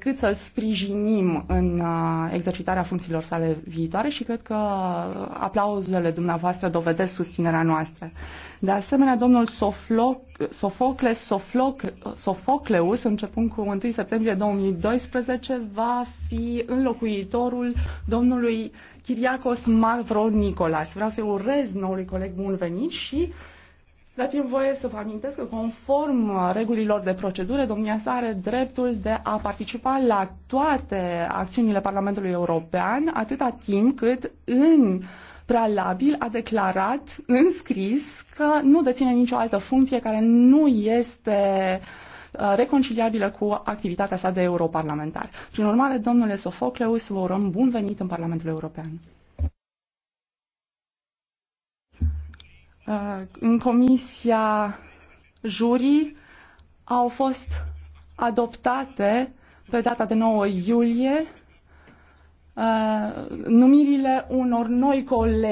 cât să-l sprijinim în uh, exercitarea funcțiilor sale viitoare și cred că aplauzele dumneavoastră dovedesc susținerea noastră. De asemenea, domnul Sofloc, Sofocles Sofloc, Sofocleus, începând cu 1 septembrie 2012, va fi înlocuitorul domnului Chiriacos Mavro Nicolas. Vreau să-i urez noului coleg bun venit și Dați-mi voie să vă amintesc că conform uh, regulilor de procedură, domnia sa are dreptul de a participa la toate acțiunile Parlamentului European atâta timp cât în prealabil a declarat în scris că nu deține nicio altă funcție care nu este uh, reconciliabilă cu activitatea sa de europarlamentar. Prin urmare, domnule Sofocleus, vă urăm bun venit în Parlamentul European. Uh, în comisia jurii au fost adoptate pe data de 9 iulie uh, numirile unor noi colegi.